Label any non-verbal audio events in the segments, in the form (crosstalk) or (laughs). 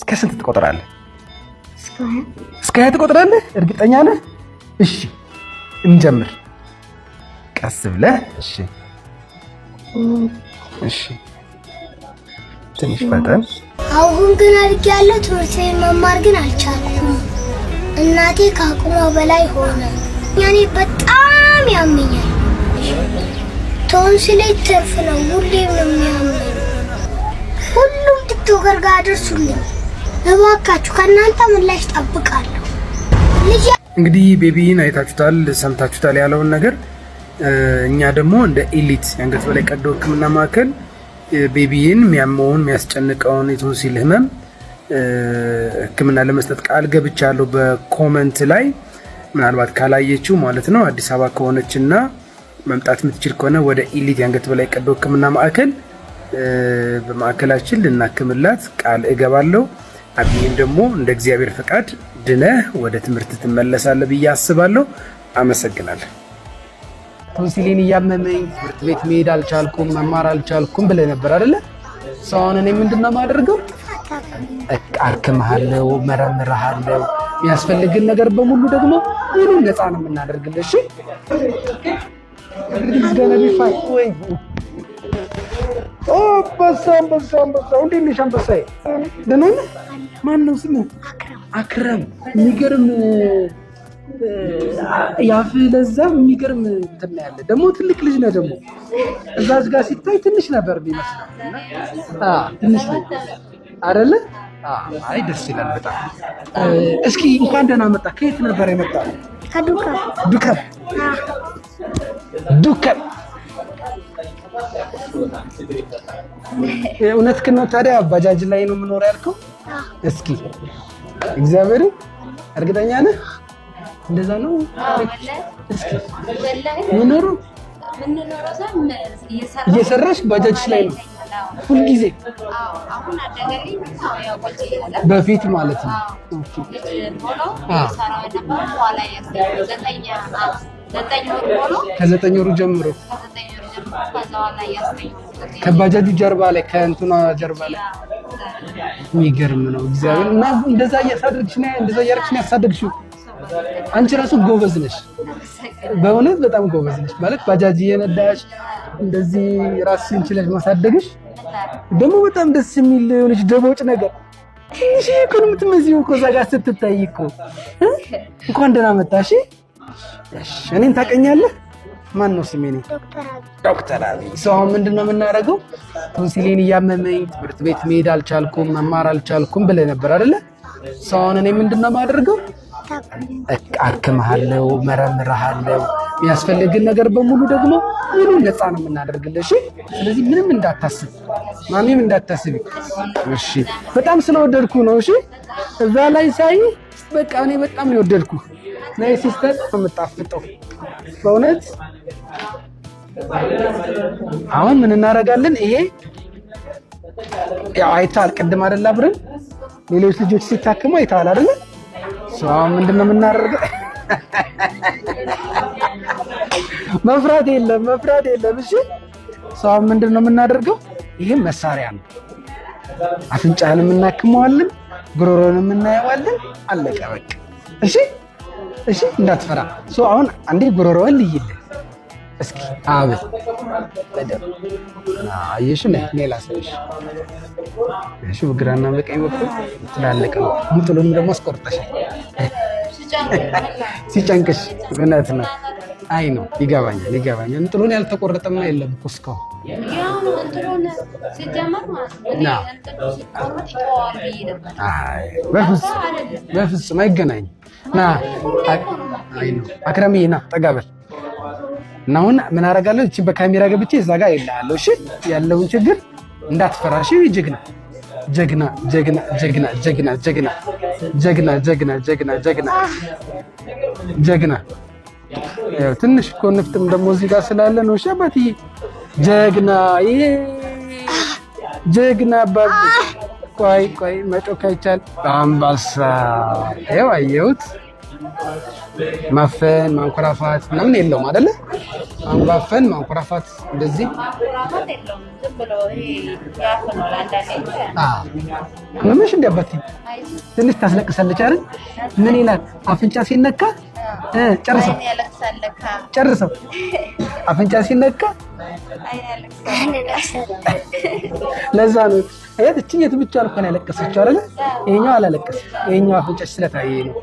እስከ ስንት ትቆጥራለህ? እስከ ሀያ ትቆጥራለህ? እርግጠኛ ነህ? እሺ እንጀምር። ቀስ ብለህ እሺ፣ እሺ፣ ትንሽ ፈጠን። አሁን ግን አድግ ያለው ትምህርት መማር ግን አልቻልኩም። እናቴ ከአቅሟ በላይ ሆነ። ያኔ በጣም ያመኛል። ቶንሲሌ ትርፍ ነው፣ ሁሌም ነው የሚያመኝ። ሁሉም ቲክቶከር ጋር አደርሱልኝ። እባካችሁ ከእናንተ ምላሽ ጠብቃለሁ። እንግዲህ ቤቢን አይታችሁታል፣ ሰምታችሁታል ያለውን ነገር እኛ ደግሞ እንደ ኤሊት የአንገት በላይ ቀዶ ሕክምና ማዕከል ቤቢን የሚያመውን የሚያስጨንቀውን የቶንሲል ህመም ሕክምና ለመስጠት ቃል ገብቻለሁ። በኮመንት ላይ ምናልባት ካላየችው ማለት ነው አዲስ አበባ ከሆነችና መምጣት የምትችል ከሆነ ወደ ኢሊት የአንገት በላይ ቀዶ ህክምና ማዕከል በማዕከላችን ልናክምላት ቃል እገባለሁ። አብይን ደግሞ እንደ እግዚአብሔር ፈቃድ ድነህ ወደ ትምህርት ትመለሳለህ ብዬ አስባለሁ። አመሰግናለሁ። ቶንሲሌን እያመመኝ ትምህርት ቤት መሄድ አልቻልኩም፣ መማር አልቻልኩም ብለህ ነበር አይደለ? ሰው አሁን እኔ ምንድን ነው የማደርገው? አርክምሃለሁ፣ መረምርሃለሁ። የሚያስፈልግን ነገር በሙሉ ደግሞ ይህን ነፃ ነው የምናደርግልህ። እሺ አንበሳ፣ አንበሳ፣ አንበሳ! እንዴት ነሽ አንበሳዬ? ደህና ነህ? ማን ነው ስሙ? አክረም። የሚገርም ያፍ ለዛ የሚገርም እንትን ያለ። ደግሞ ትልቅ ልጅ ነው ደግሞ እዛ ጋ ሲታይ ትንሽ ነበር የሚመስለው። አዎ ትንሽ አይደለ? አይ ደስ ይላል በጣም። እስኪ እንኳን ደህና መጣ። ከየት ነበር የመጣ? ዱከም ዱከም እውነትህን ነው። ታዲያ ባጃጅ ላይ ነው የምኖር ያልከው? እስኪ እግዚአብሔር እርግጠኛ ነህ? እንደዛ ነው ምኖሩ እየሰራሽ ባጃጅ ላይ ነው ሁልጊዜ በፊት ማለት ነው። ከዘጠኝ ወሩ ጀምሮ ከባጃጁ ጀርባ ላይ ከእንትኗ ጀርባ ላይ የሚገርም ነው። እግዚአብሔር እና እንደዛ እያሳደግሽ ነው እንደዛ እያደረግሽ ነው ያሳደግሽው። አንቺ ራሱ ጎበዝ ነሽ፣ በእውነት በጣም ጎበዝ ነሽ። ማለት ባጃጅ እየነዳሽ እንደዚህ ራስሽን ችለሽ ማሳደግሽ ደግሞ በጣም ደስ የሚል የሆነች ደቦጭ ነገር ትንሽ እኮ ነው የምትመስይው እኮ እዛ ጋር ስትታይ እኮ። እንኳን ደህና መጣሽ። እኔን ታውቀኛለህ? ማን ነው ስሜ? እኔ ዶክተር አብይ ሰው አሁን ምንድን ነው የምናደርገው? ቶንሲሌን እያመመኝ ትምህርት ቤት መሄድ አልቻልኩም፣ መማር አልቻልኩም ብለህ ነበር አይደለ? ሰው አሁን እኔ ምንድን ነው የማደርገው? አክምሃለሁ፣ መረምርሃለሁ። የሚያስፈልግን ነገር በሙሉ ደግሞ ሙሉ ነፃ ነው የምናደርግልህ። እሺ፣ ስለዚህ ምንም እንዳታስብ፣ ማሚም እንዳታስብ። እሺ፣ በጣም ስለወደድኩ ነው። እሺ፣ እዛ ላይ ሳይ በቃ እኔ በጣም ነው የወደድኩ። ናይ ሲስተር የምጣፍጠው በእውነት አሁን ምን እናደርጋለን? ይሄ ያው አይተሃል፣ ቅድም አይደል አብረን ሌሎች ልጆች ሲታከሙ አይተሃል አይደል? ሰው አሁን ምንድነው የምናደርገው? (laughs) መፍራት የለም መፍራት የለም። እሺ ሰው አሁን ምንድነው የምናደርገው? ይሄ መሳሪያ ነው። አፍንጫህንም የምናክመዋለን ግሮሮን የምናየዋለን አለቀ በቃ። እሺ እሺ፣ እንዳትፈራ። አሁን አንዴ ጉሮሮህን ልይልህ እስኪ አቤት አየሽ፣ ነይ እኔ ላሳይሽ። እሺ፣ በግራና በቀኝ በኩል ትላልቅ ነው። ሙጥሉንም ደግሞ አስቆርጠሻል። ሲጨንቅሽ እውነት ነው። አይ ነው ይገባኛል፣ ይገባኛል። እንጥሉን ያልተቆረጠማ የለም እኮ እስካሁን በፍጹም አይገናኝም። ና አክረምዬ፣ ና ጠጋ በል እና አሁን ምን አረጋለሁ? እቺ በካሜራ ገብቼ እዛ ጋር ይላለሁ። እሺ ያለውን ችግር እንዳትፈራሽ። ጀግና ጀግና ጀግና ጀግና ጀግና ጀግና ጀግና ጀግና ጀግና ጀግና ጀግና ትንሽ እኮ ንፍጥም ደግሞ እዚህ ጋር ስላለ ነው። እሺ አባትዬ ጀግና ይሄ ጀግና አባት ቆይ ቆይ መጮክ አይቻል። አምባሳ ያው አየሁት። ማፈን ማንኮራፋት ምናምን የለውም አይደለ? ማፈን ማንኮራፋት እንደዚህ ምንሽ እንዲያባት ትንሽ ታስለቅሳለች አይደል? ምን ይላል አፍንጫ ሲነካ ጨርሰው አፍንጫ ሲነካ ለዛ ነው እህት እቺ የት ብቻ አልኳን ያለቀሰችው አይደል? ይሄኛው አላለቀሰ ይሄኛው አፍንጫሽ ስለታየ ነው።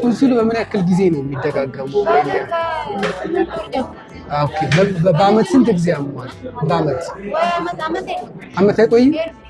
ቶንሲሉ በምን ያክል ጊዜ ነው የሚደጋገመው? በአመት ስንት ጊዜ አመዋል? በአመት አመት አይቆይም።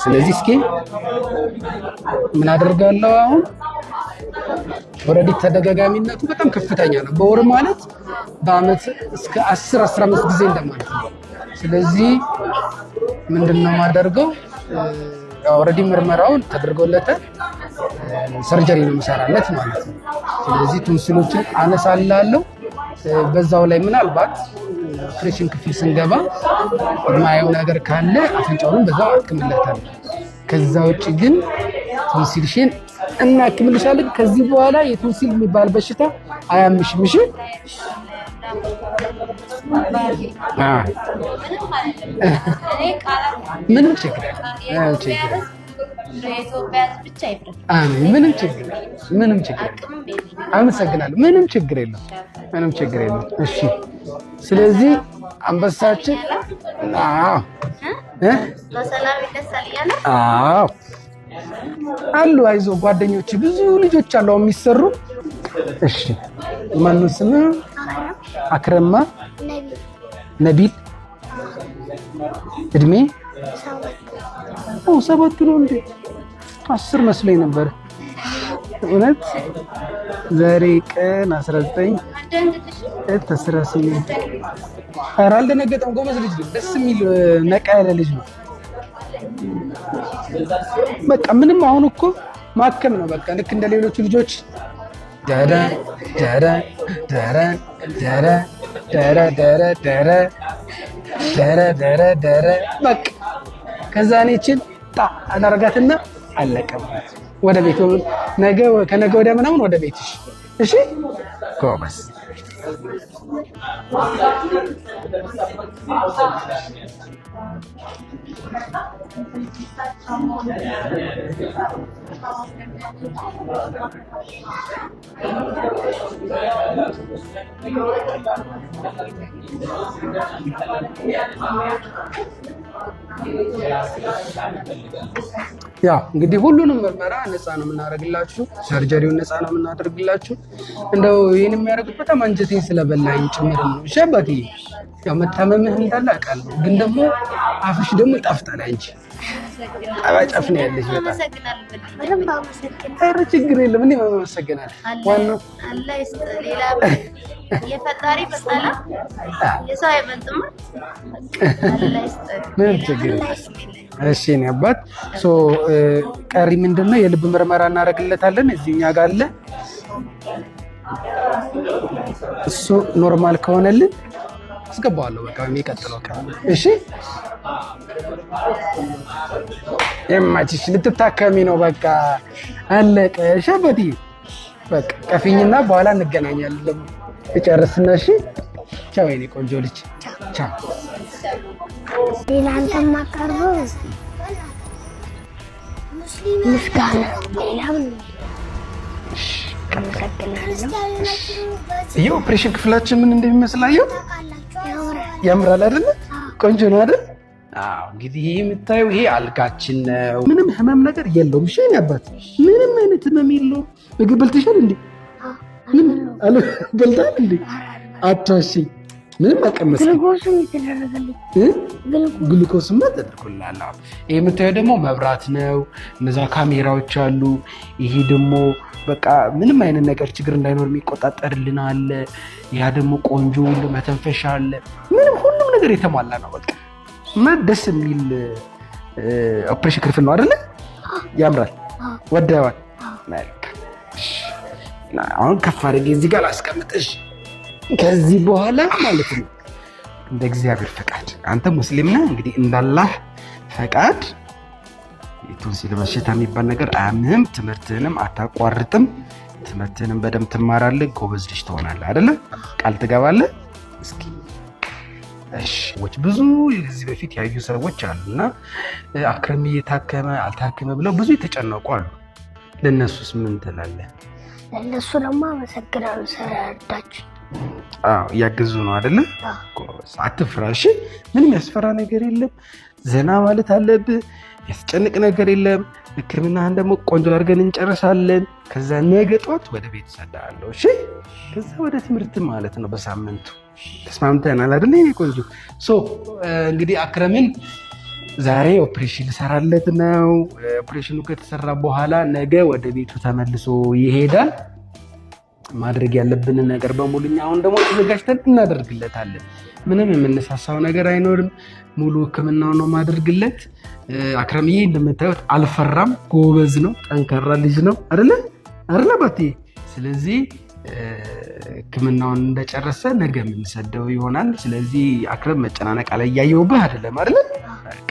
ስለዚህ እስኪ ምን አደርጋለሁ አሁን ኦልሬዲ ተደጋጋሚነቱ በጣም ከፍተኛ ነው። በወር ማለት በአመት እስከ 10 15 ጊዜ እንደማለት ነው። ስለዚህ ምንድነው የማደርገው? ኦልሬዲ ምርመራውን ተደርጎለታል። ሰርጀሪ ነው የምሰራለት ማለት ነው። ስለዚህ ቶንሲሎችን አነሳላለሁ። በዛው ላይ ምናልባት ኦፕሬሽን ክፍል ስንገባ የማየው ነገር ካለ አፍንጫውንም በዛ አክምለታለሁ። ከዛ ውጭ ግን ቶንሲልሽን እናክምልሻለን። ከዚህ በኋላ የቶንሲል የሚባል በሽታ አያምሽም። እሺ ምንም ችግር የኢትዮጵያ ሕዝብ አሜን። ምንም ችግር ምንም ችግር አመሰግናለሁ። ምንም ችግር የለም። ምንም ችግር የለም። እሺ። ስለዚህ አንበሳችን አዎ፣ አዎ አሉ አይዞ ጓደኞች ብዙ ልጆች አሉ የሚሰሩ። እሺ። ማነው ስም? አክረማ ነቢል እድሜ? ሰባት ነው እንዴ? አስር መስሎኝ ነበር። እውነት ዛሬ ቀን 19 18 ኧረ አልደነገጠም። ጎበዝ ልጅ ነው። ደስ የሚል ነቃ ያለ ልጅ ነው። በቃ ምንም አሁን እኮ ማከም ነው። በቃ ልክ እንደ ሌሎቹ ልጆች ደረ ደረ ደረ ዳዳ ዳዳ ዳዳ ዳዳ ዳዳ ዳዳ ዳዳ በቃ ከዛ እኔ ይችን ጣ አዳርጋትና አለቀባት። ወደ ቤት ነገ ከነገ ወደ ምናምን ወደ ቤትሽ። እሺ ጎበዝ። ያ እንግዲህ ሁሉንም ምርመራ ነፃ ነው የምናደርግላችሁ። ሰርጀሪውን ነፃ ነው የምናደርግላችሁ። እንደው ይህን የሚያደርግበት በጣም አንጀቴን ስለበላኝ ጭምር ነው። ሸበቴ ያው መታመምህ እንዳለ አውቃለሁ፣ ግን ደግሞ አፍሽ ደግሞ ይጣፍጣል እንጂ አባጫፍ ነው ያለሽ። በጣም ኧረ ችግር የለም። እኔ አመሰግናለሁ። ዋናው የፈጣሪ ፈጣላ የሰው አይበልጥም። ምንም ችግር እሺ። እኔ አባት ቀሪ ምንድን ነው የልብ ምርመራ እናደርግለታለን። እዚህ እኛ ጋር አለ። እሱ ኖርማል ከሆነልን አስገባዋለሁ። በቃ የሚቀጥለው እሺ። የማችሽ ልትታከሚ ነው። በቃ አለቀ። ሸበቲ በቃ ቀፊኝና በኋላ እንገናኛለን። ደግሞ እጨርስና እሺ። ቻው የኔ ቆንጆ ልጅ ቻው። ሌላንተ ማቀርበው ምስጋና ሌላም አመሰግናለሁ። ይህ ኦፕሬሽን ክፍላችን ምን እንደሚመስላየው ያምራል አይደል? ቆንጆ ነው አይደል? አዎ። እንግዲህ ይሄ የምታየው ይሄ አልጋችን ነው። ምንም ህመም ነገር የለውም። እሺ የእኔ አባት፣ ምንም አይነት ህመም የለውም። ምግብ በልተሻል እንዴ? ምን አለ በልታል እንዴ? አታሺ ምንም አቀመስ ግልኮስም ይተደረገልኝ ግልኮስም ተደርጎልሃል። ይሄ የምታየው ደግሞ መብራት ነው። እነዛ ካሜራዎች አሉ። ይሄ ደግሞ በቃ ምንም አይነት ነገር ችግር እንዳይኖር የሚቆጣጠርልን አለ። ያ ደግሞ ቆንጆ ሁሉ መተንፈሻ አለ። ምንም ሁሉም ነገር የተሟላ ነው። በቃ ደስ የሚል ኦፕሬሽን ክፍል ነው አይደለ? ያምራል። ወደዋል። አሁን ከፍ አድርጌ እዚህ ጋር ላስቀምጥሽ። ከዚህ በኋላ ማለት ነው እንደ እግዚአብሔር ፈቃድ አንተ ሙስሊም ነህ እንግዲህ እንዳላህ ፈቃድ ቶንሲል በሽታ የሚባል ነገር አያምህም። ትምህርትህንም አታቋርጥም። ትምህርትህንም በደንብ ትማራለህ። ጎበዝ ልጅ ትሆናለህ። አይደለ? ቃል ትገባለህ። እስኪ ሰዎች ብዙ ጊዜ በፊት ያዩ ሰዎች አሉ እና አክረሚ እየታከመ አልታከመ ብለው ብዙ የተጨነቁ አሉ። ለእነሱስ ምን ትላለህ? ለእነሱ ደግሞ አመሰግናሉ ስለረዳችሁ እያገዙ ነው አይደለ? አትፍራሽ፣ ምንም ያስፈራ ነገር የለም። ዘና ማለት አለብህ። ያስጨንቅ ነገር የለም። ሕክምናህን ደግሞ ቆንጆ አድርገን እንጨርሳለን። ከዛ ነገ ጧት ወደ ቤት እሰዳለሁ። እሺ፣ ከዛ ወደ ትምህርት ማለት ነው። በሳምንቱ ተስማምተናል አይደል? የእኔ ቆንጆ። ሶ እንግዲህ አክረምን ዛሬ ኦፕሬሽን እሰራለት ነው። ኦፕሬሽኑ ከተሰራ በኋላ ነገ ወደ ቤቱ ተመልሶ ይሄዳል። ማድረግ ያለብንን ነገር በሙሉ እኛ አሁን ደግሞ ተዘጋጅተን እናደርግለታለን። ምንም የምነሳሳው ነገር አይኖርም። ሙሉ ህክምናው ነው አክረም አክረምዬ እንደምታዩት አልፈራም፣ ጎበዝ ነው፣ ጠንካራ ልጅ ነው አይደለ አይደለ ባቲ። ስለዚህ ህክምናውን እንደጨረሰ ነገ የምንሰደው ይሆናል። ስለዚህ አክረም መጨናነቅ አለ፣ እያየሁብህ አይደለም አይደለ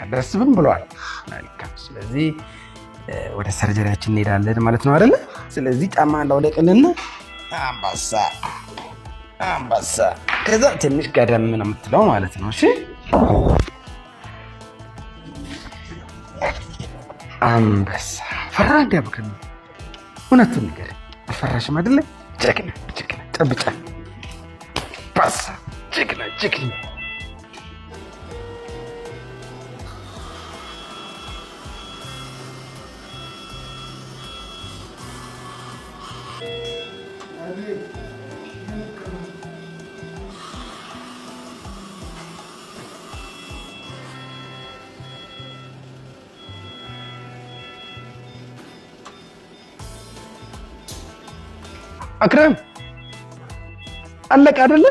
ቀደስብም ብለዋል። ስለዚህ ወደ ሰርጀሪያችን እንሄዳለን ማለት ነው አይደለ። ስለዚህ ጫማ እንዳውለቅልና አምባሳ አንበሳ። ከዛ ትንሽ ቀደም ነው የምትለው ማለት ነው። እሺ አንበሳ ፈራ እንዲያብክን እውነቱን ነገር አልፈራሽም አይደለ? ጀግና ጀግና፣ ጨብጫ ባሳ ጀግና ጀግና አክረም አለቀ አይደለ?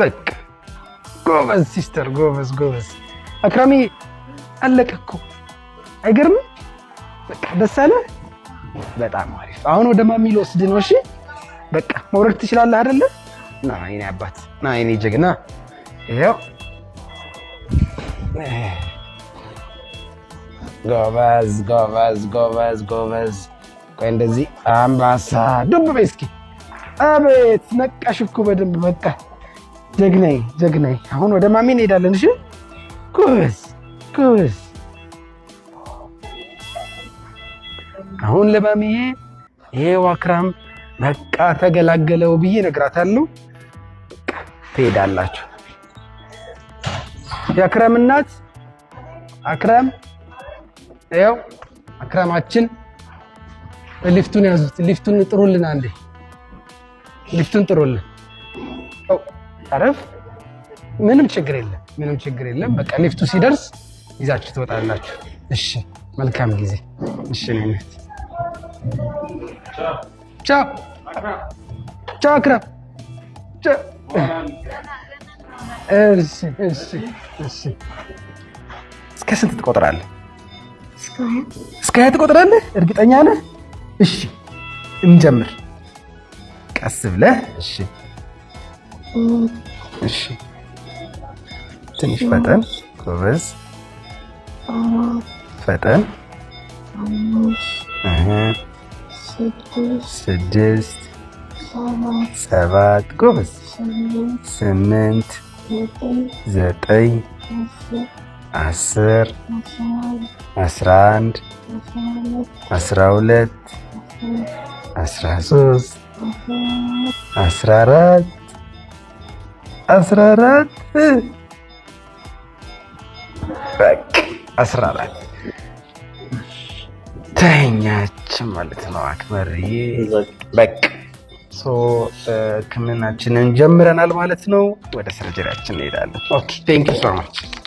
በቃ ጎበዝ ሲስተር፣ ጎበዝ ጎበዝ። አክረሚ አለቀ እኮ አይገርምም? በቃ ደስ አለ። በጣም አሪፍ። አሁን ወደ ማሚ ልወስድ ነው። እሺ በቃ መውረድ ትችላለህ አይደለ? ና የኔ አባት፣ ና የኔ ጀግና። ይኸው ጎበዝ ጎበዝ ጎበዝ ጎበዝ። ቆይ እንደዚህ አምባሳ ዱብ ቤስኪ አቤት ነቃሽ እኮ በደንብ በቃ ጀግናዬ ጀግናይ አሁን ወደ ማሚ እንሄዳለን። እሺ ጎበዝ ጎበዝ። አሁን ለማሚዬ ይሄው አክራም በቃ ተገላገለው ብዬ እነግራታለሁ። ትሄዳላችሁ የአክረም እናት አክራም ያው አክራማችን ሊፍቱን ያዙት። ሊፍቱን ጥሩልን፣ አንዴ ሊፍቱን ጥሩልን። አረፍ ምንም ችግር የለም፣ ምንም ችግር የለም። በቃ ሊፍቱ ሲደርስ ይዛችሁ ትወጣላችሁ። እሺ፣ መልካም ጊዜ። እሺ፣ ነኝት ቻው፣ ቻው፣ አክራም እስከ ስንት ትቆጥራለህ? እስከ ሀያ ትቆጥራለህ? እርግጠኛ ነህ? እሺ እንጀምር። ቀስ ብለህ እሺ፣ እሺ፣ ትንሽ ፈጠን፣ ጎበዝ፣ ፈጠን። ስድስት፣ ሰባት፣ ጎበዝ፣ ስምንት፣ ዘጠኝ አስር አስራ አንድ አስራ ሁለት አስራ ሶስት አስራ አራት አስራ አራት በቃ አስራ አራት ተኛች ማለት ነው። አክመርዬ በቃ ህክምናችንን ጀምረናል ማለት ነው። ወደ ሰርጀሪያችን እንሄዳለን። ኦኬ ቴንክ ዩ ሶ ማች